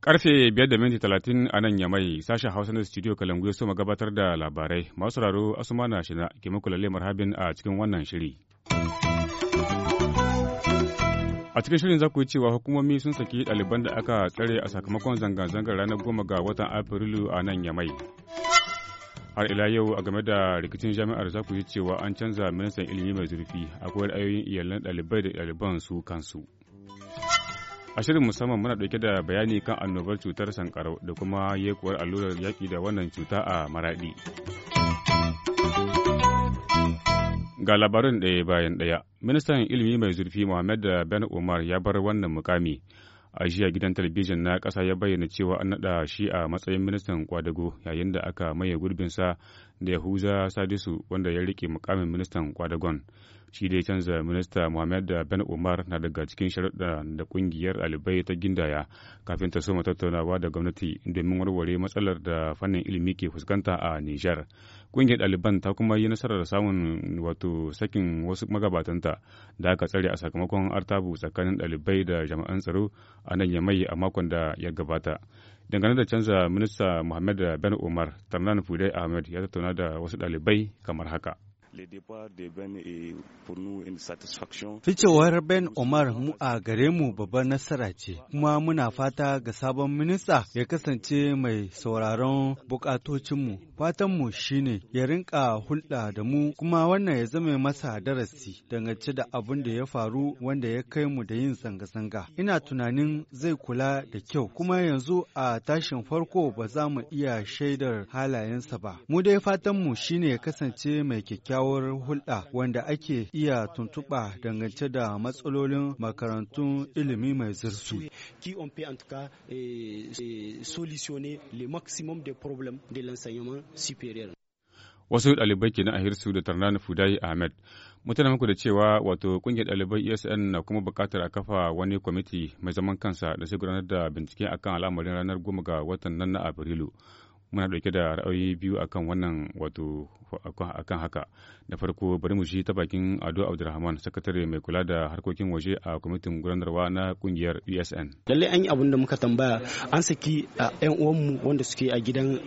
Karfe biyar da minti talatin a nan Yamai, sashen Hausa na studio Kalangu ya soma gabatar da labarai. Masu raro Asuma na shina ke muku lalle marhabin a cikin wannan shiri. A cikin shirin za ku yi cewa hukumomi sun saki ɗaliban da aka tsare a sakamakon zanga-zangar ranar goma ga watan Afrilu a nan Yamai. har ila yau a game da rikicin jami'ar za ku ji cewa an canza ministan ilimi mai zurfi akwai ra'ayoyin iyalan ɗalibai da ɗaliban su kansu a shirin musamman muna ɗauke da bayani kan annobar cutar sankarau da kuma yekuwar allurar yaƙi da wannan cuta a maraɗi ga labarin ɗaya bayan ɗaya ministan ilimi mai zurfi mohamed ben umar ya bar wannan mukami a jiya gidan talabijin na ƙasa ya bayyana cewa an naɗa shi a matsayin ministan kwadago yayin da aka maye gurbinsa da yahuza sadisu wanda ya rike mukamin ministan kwadagon shi dai canza minista Muhammad Ben Umar na daga cikin sharuɗa da ƙungiyar ɗalibai ta gindaya kafin ta soma tattaunawa da gwamnati domin warware matsalar da fannin ilimi ke fuskanta a Nijar. Ƙungiyar ɗaliban ta kuma yi nasarar samun wato sakin wasu magabatanta da aka tsare a sakamakon artabu tsakanin ɗalibai da jami'an tsaro a nan Yamai a makon da ya gabata. Dangane da canza minista Muhammad Ben Umar, Tarnan Fudai Ahmed ya tattauna da wasu ɗalibai kamar haka. Euh, Ficewar Ben Omar mu a gare mu babbar nasara ce, kuma muna fata ga sabon minista ya kasance mai sauraron bukatocinmu. Fatanmu shi ne ya rinka hulɗa da mu kuma wannan ya zama masa darasi dangance da abin da ya faru wanda ya kai mu da yin zanga-zanga. Ina tunanin zai kula da kyau kuma yanzu a tashin farko ba za mu iya shaidar halayensa ba. Mu dai fatanmu shi ne ya kasance mai kyakkyawa kyakkyawar hulɗa wanda ake iya tuntuɓa dangance da matsalolin makarantun ilimi mai zurfi. Eh, eh, Wasu ɗalibai ke na ahirsu da Tarnani Fudayi Ahmed. Mutane muku da cewa wato ƙungiyar ɗalibai ESN na kuma buƙatar a kafa wani kwamiti mai zaman kansa da sai gudanar da bincike akan al'amarin ranar goma ga watan nan na Afrilu. Muna ɗauke da ra'ayoyi biyu akan wannan wato akan haka da farko bari mu shi ta bakin ado abdulrahman sakatare mai kula da harkokin waje a kwamitin gudanarwa na kungiyar usn lallai an yi abin da muka tambaya an saki yan uwanmu wanda suke a gidan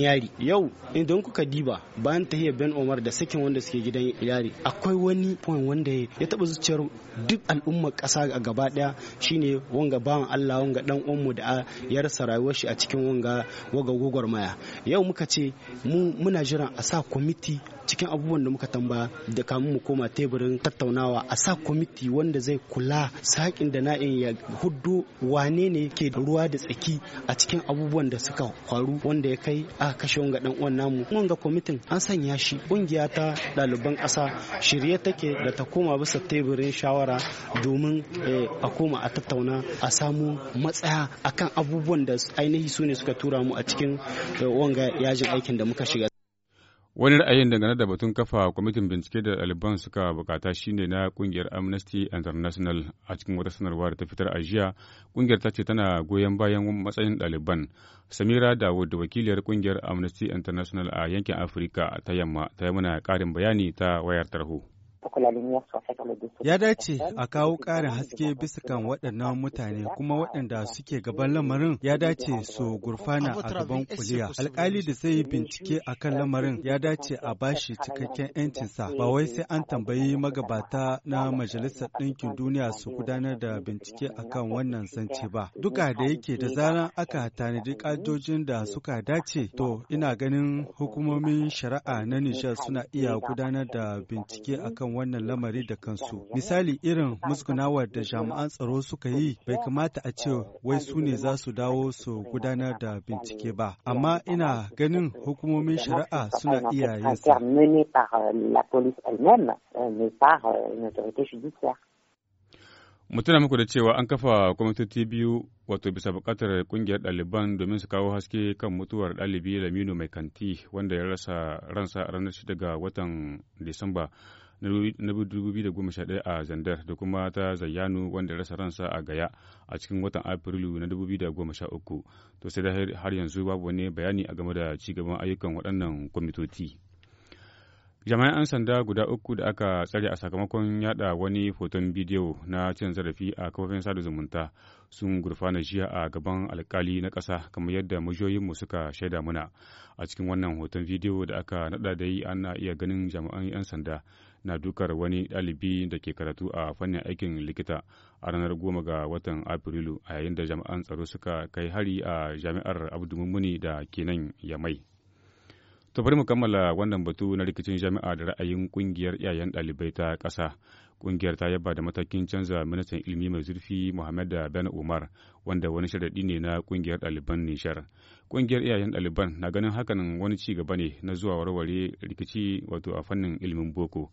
yari yau idan kuka diba bayan tahiyar ben omar da sakin wanda suke gidan yari akwai wani point wanda ya taba zuciyar duk al'ummar kasa a gaba daya shine wanga bawan allah wanga dan uwanmu da ya rasa rayuwar shi a cikin wanga waga maya yau muka ce mu muna jiran a sa kwamitin kwamiti cikin abubuwan da muka tambaya da kamun mu koma teburin tattaunawa a sa kwamiti wanda zai kula sakin da na'in ya hudu wane ne ke da ruwa da tsaki a cikin abubuwan da suka faru wanda ya kai a kashe wanga dan uwan namu wanga kwamitin an sanya shi kungiya ta ɗaliban ƙasa shirye take da ta koma bisa teburin shawara domin eh, a koma a tattauna a samu matsaya akan abubuwan da ainihi su ne suka tura mu a cikin eh, wanga yajin aikin da muka shiga Wani ra'ayin dangane da batun kafa kwamitin bincike da ɗaliban suka bukata shine na kungiyar Amnesty International a cikin wata sanarwa da ta fitar a jiya. Kungiyar ta ce tana goyon bayan matsayin ɗaliban. Samira Dawud da wakiliyar kungiyar Amnesty International a yankin Afirka ta yamma ta yi mana ƙarin bayani ta wayar tarho. Ya dace a kawo ƙarin haske bisa kan waɗannan mutane kuma waɗanda suke gaban lamarin ya dace su gurfana a gaban kuliya. Alƙali da zai yi bincike a kan lamarin ya dace a bashi cikakken 'yancinsa ba wai sai an tambayi magabata na Majalisar Ɗinkin Duniya su gudanar da bincike a kan wannan zance ba. Duka da yake da zaran aka tanadi ƙajojin da suka dace to ina ganin hukumomin shari'a na Nijar suna iya gudanar da bincike kan wannan wannan lamari da kansu. Misali irin musgunawar da jami'an tsaro suka yi bai kamata a ce wai su ne za su dawo su gudanar da bincike ba. Amma ina ganin hukumomin shari'a suna iya yin sa. Mutuna muku da cewa an kafa kwamitoci biyu wato bisa bukatar kungiyar ɗaliban domin su kawo haske kan mutuwar ɗalibi Laminu mai kanti wanda ya rasa ransa a ranar 6 ga watan Disamba. na 2011 a Zandar da kuma ta Zayyanu wanda rasa ransa a Gaya a cikin watan Afrilu na 2013. To sai da har yanzu babu wani bayani a game da cigaban ayyukan waɗannan kwamitoci. jami'an 'yan sanda guda uku da aka tsare a sakamakon yada wani hoton bidiyo na cin zarafi a kafofin sada zumunta sun gurfana jiya a gaban alkali na ƙasa kamar yadda mu suka shaida muna a cikin wannan hoton bidiyo da aka nada da yi ana iya ganin jami'an 'yan sanda na dukar wani ɗalibi da ke karatu a fannin aikin likita a ranar goma ga watan Afrilu a yayin da jami'an tsaro suka kai hari a jami'ar Abdu da kenan Yamai. To bari mu kammala wannan batu na rikicin jami'a da ra'ayin kungiyar iyayen ɗalibai ta ƙasa. Ƙungiyar ta yaba da matakin canza ministan ilimi mai zurfi Muhammad da Ben Umar wanda wani sharaɗi ne na ƙungiyar ɗaliban Nishar. Ƙungiyar iyayen ɗaliban na ganin hakan wani ci gaba ne na zuwa warware rikici wato a fannin ilimin boko.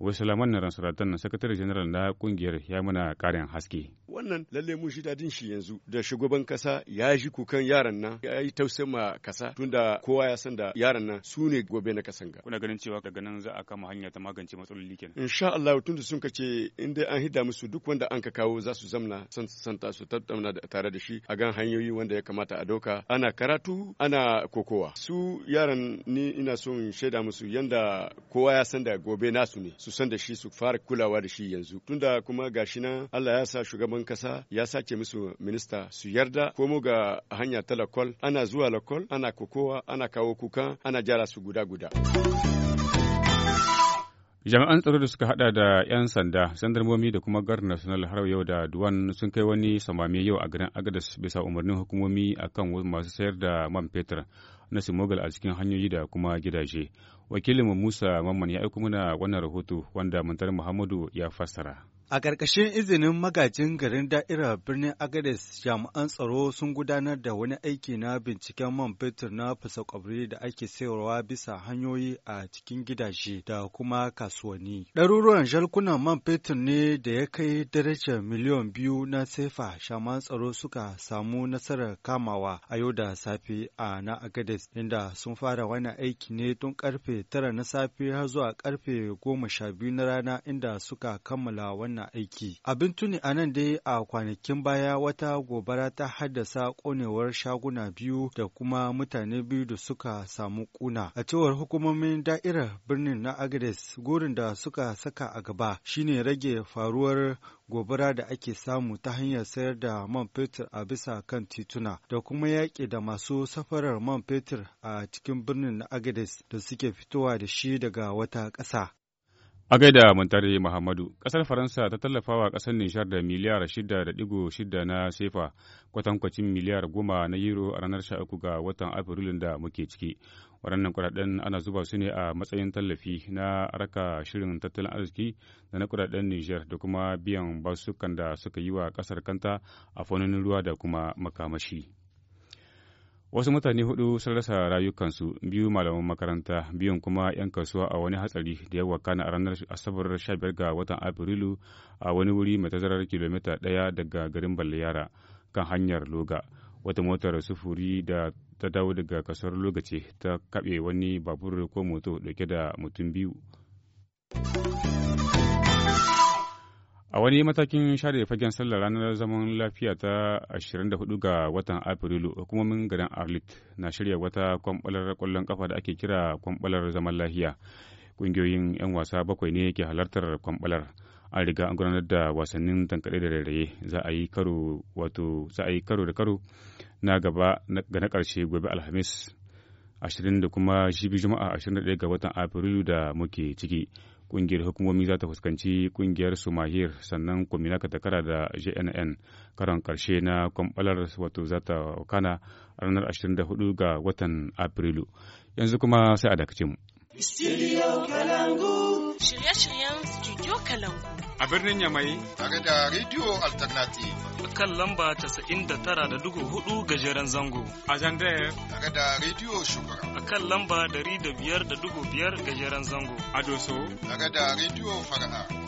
wasu laman na ransuratan sakatare janar na kungiyar ya muna karin haske wannan lalle mun shi dadin shi yanzu da shugaban kasa ya ji kukan yaran nan ya yi tausayin ma kasa tunda kowa ya san da yaran nan su ne gobe na kasan ga kuna ganin cewa daga nan za a kama hanya ta magance matsaloli kenan insha Allah tunda sun kace in dai an hida musu duk wanda an ka kawo za su zamna san ta su tattauna tare da shi a gan hanyoyi wanda ya kamata a doka ana karatu ana kokowa su yaran ni ina son shaida musu yanda kowa ya san da gobe nasu ne su san da shi su fara kulawa da shi yanzu tunda kuma gashi nan Allah ya sa shugaban kasa ya sake musu minista su yarda komo ga hanya ta lakol ana zuwa lakol ana kokowa ana kawo kuka ana jara su guda guda jami'an tsaro da suka hada da 'yan sanda sandarmomi da kuma gar national har yau da duwan sun kai wani samami yau a garin agadas bisa umarnin hukumomi akan masu sayar da man fetur na simogal a cikin hanyoyi da kuma gidaje wakilinmu musa mamman ya aiko mana wannan rahoto wanda muntar muhammadu ya fassara A ƙarƙashin izinin magajin garin da'irar birnin Agades, jami'an tsaro sun gudanar da wani aiki na binciken man fetur na fasakwabri da ake sayarwa bisa hanyoyi a cikin gidaje da kuma kasuwanni. Ɗaruruwan jalkunan man fetur ne da ya kai daraja miliyan biyu na sefa shaman tsaro suka samu nasarar kamawa a yau da safe a na Agades, inda sun fara wani aiki ne tun ƙarfe tara na safe har zuwa ƙarfe goma sha biyu na rana inda suka kammala wannan na aiki. Abin tuni a nan dai a kwanakin baya wata gobara ta haddasa ƙonewar shaguna biyu da kuma mutane biyu da suka samu ƙuna, A cewar hukumomin da'irar birnin na Agades, gurin da suka saka a gaba shine rage faruwar gobara da ake samu ta hanyar sayar da man fetur a bisa kan tituna da kuma yaƙi da masu safarar man fetur a cikin birnin na Agades da suke fitowa da shi daga wata ƙasa. A gaida Muntari Muhammadu, ƙasar Faransa ta tallafa wa ƙasar Nishar da miliyar shida da digo shida na sefa kwatankwacin miliyar goma na euro a ranar sha uku ga watan Afrilun da muke ciki. Waɗannan kuɗaɗen ana zuba su ne a matsayin tallafi na raka shirin tattalin arziki da na kuɗaɗen Nijar da kuma biyan basukan da suka yi wa ƙasar kanta a fannin ruwa da kuma makamashi. wasu mutane hudu sun rasa rayukansu biyu malaman makaranta biyun kuma 'yan kasuwa a wani hatsari da ya wakana a ranar asabar 15 ga watan afrilu a wani wuri mai tazarar kilomita daya daga garin balayara kan hanyar loga wata motar sufuri da ta dawo daga kasuwar loga ce ta kaɓe wani babur ko moto dauke da mutum biyu A wani matakin share fagen sallar ranar zaman lafiya ta 24 ga watan Afrilu, hukumomin garin Arlit na shirya wata kwamɓalar ƙwallon ƙafa da ake kira kwamɓalar zaman lafiya. Ƙungiyoyin 'yan wasa bakwai ne ke halartar kwamɓalar. An riga an gudanar da wasannin tankaɗe da rairaye za a yi karo wato za a yi karo da karo na gaba ga na ƙarshe gobe Alhamis 20 da kuma jibi Juma'a 21 ga watan Afrilu da muke ciki. kungiyar hukumomi za ta fuskanci kungiyar sumahir sannan kuminaka ta kara da jnn karon karshe na kwamfalar wato za ta kana ranar 24 ga watan afrilu yanzu kuma sai a dakace shiryen studio a birnin Yamai. Tare da Radio Alternative. Kan lamba casa'in da tara da hudu gajeren zango. A Jandaya Tare da Radio Shugura. A kan lamba dari da biyar da biyar gajeren zango. A Doso. Tare da Radio Fara'a.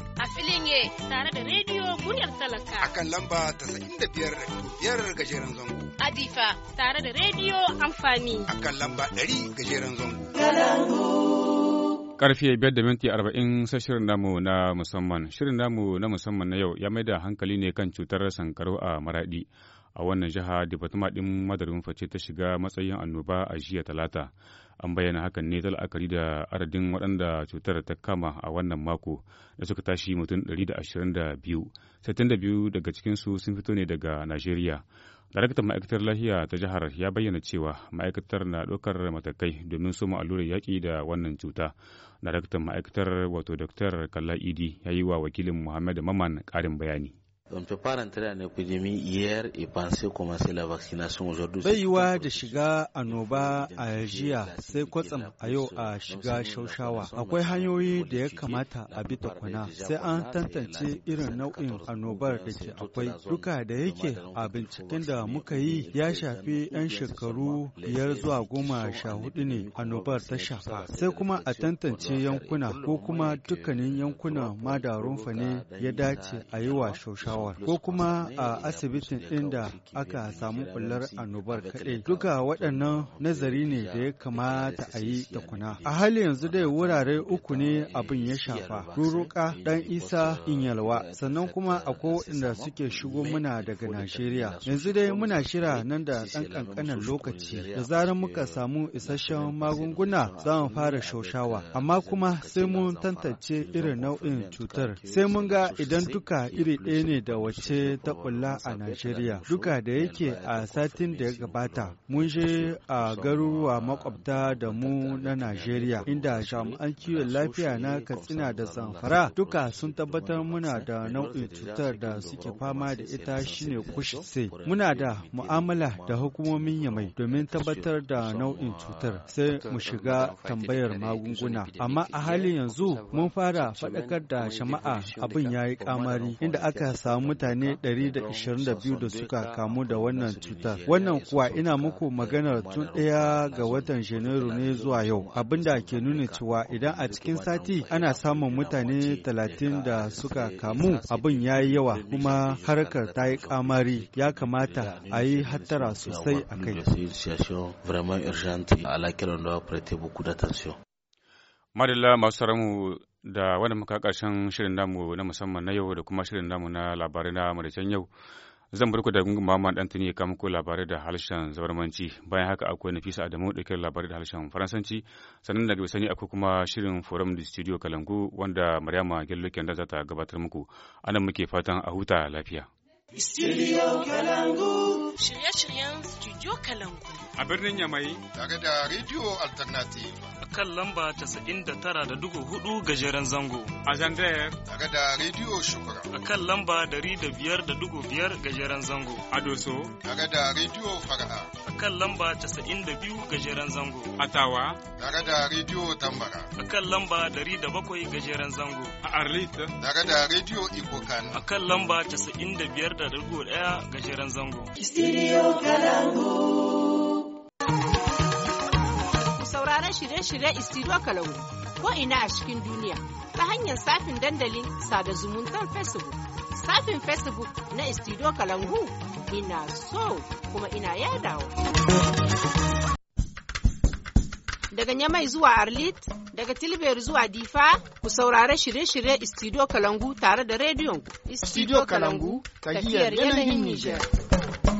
a filin ye tare da rediyo muryar talaka. A kan lamba ta da biyar biyar gajeren zango. Adifa tare da rediyo amfani. A kan lamba ɗari gajeren zango. Kalangu. Karfe biyar da minti arba'in sai shirin namu na musamman. Shirin namu na musamman na yau ya mai da hankali ne kan cutar sankaro a maraɗi. A wannan jiha, batuma din Madarin Face ta shiga matsayin annoba a jiya talata. an bayyana hakan ne ta la'akari da adadin waɗanda cutar ta kama a wannan mako da suka tashi mutum 122 biyu daga cikinsu sun fito ne daga najeriya daraktan ma'aikatar lafiya ta jihar ya bayyana cewa ma'aikatar na ɗaukar matakai domin soma allurar yaƙi da wannan cuta daraktan ma'aikatar wato dr kalla idi ya yi wa wakilin muhammad maman ƙarin bayani baiwa da shiga annoba a jiya sai kwatsam a yau a shiga shaushawa akwai hanyoyi da ya kamata a bi kwana sai an tantance irin nau'in annobar da ke akwai duka da yake a binciken da muka yi ya shafi 'yan shekaru biyar zuwa goma sha hudu ne annobar ta shafa sai kuma a tantance yankuna ko kuma dukkanin yankuna ma da rumfa ne ya dace a yi wa shaushawa ko kuma a asibitin inda aka samu kullar annobar kaɗai. Duka waɗannan nazari ne da ya kamata a yi tukuna. A hali yanzu dai wurare uku ne abin ya shafa. Ruruka, dan Isa, Inyalwa, sannan kuma akwai waɗanda suke shigo muna daga Najeriya. Yanzu dai muna shira nan da ɗan ƙanƙanin lokaci. Da zarar muka samu isasshen magunguna za mu fara shaushawa. Amma kuma sai mun tantance irin nau'in cutar. Sai mun ga idan duka iri ɗaya ne da da wace ta a Najeriya. Duka da yake a satin da ya gabata, mun je a garuruwa makwabta da mu na Najeriya, inda jami'an kiwon lafiya na Katsina da Zamfara duka sun tabbatar muna da nau'in cutar da suke fama da ita shine kushe. Muna da mu'amala da hukumomin yamai domin tabbatar da nau'in cutar sai mu shiga tambayar magunguna. Amma a halin yanzu mun fara faɗakar da jama'a abin ya yi kamari inda aka sa samu mutane 122 da suka kamu da wannan cutar. Wannan kuwa ina muku maganar tun ɗaya ga watan Janairu ne zuwa yau, abin abinda ke nuna cewa idan a cikin sati ana samun mutane 30 da suka kamu abin ya yi yawa kuma harkar ta yi kamari ya kamata a yi hattara sosai a kai. Madalla masu da wanda muka karshen shirin namu na musamman na yau da kuma shirin namu na labarai na maraicen yau zan bar ku da dan tuni ya kama labarai da harshen zabarmanci bayan haka akwai Nafisa Adamu da labarai da harshen Faransanci sannan daga bisani akwai kuma shirin Forum da Studio Kalangu wanda Maryama Gello da za ta gabatar muku anan muke fatan a huta lafiya Studio Kalangu shirye-shiryen Studio Kalangu. A birnin Yamai. Tare da Radio Alternative. A kan lamba tara da dugu hudu gajeren zango. A Zandayar. Tare da Radio Shukura. A kan lamba dari da biyar da dugu biyar gajeren zango. A Doso. Tare da Radio Fara'a. A kan lamba 92 da biyu gajeren zango. A Tawa. Tare da Radio Tambara. A kan lamba dari da bakwai gajeren zango. A Arlita. Tare da Radio Ikokan. A kan lamba 95.1 da biyar da dugu ɗaya gajeren zango. Kalangu. Ku sauraron shirye-shirye Studio Kalangu ko ina a cikin duniya ta hanyar safin dandalin sada zumuntar Facebook. Safin Facebook na Studio Kalangu ina so kuma ina yadawa. Daga Nyamai zuwa Arlit, daga Tilber zuwa Difa, ku saurara shirye-shirye Studio Kalangu tare da rediyon Studio Kalangu, tafiyar yanayin Nijar.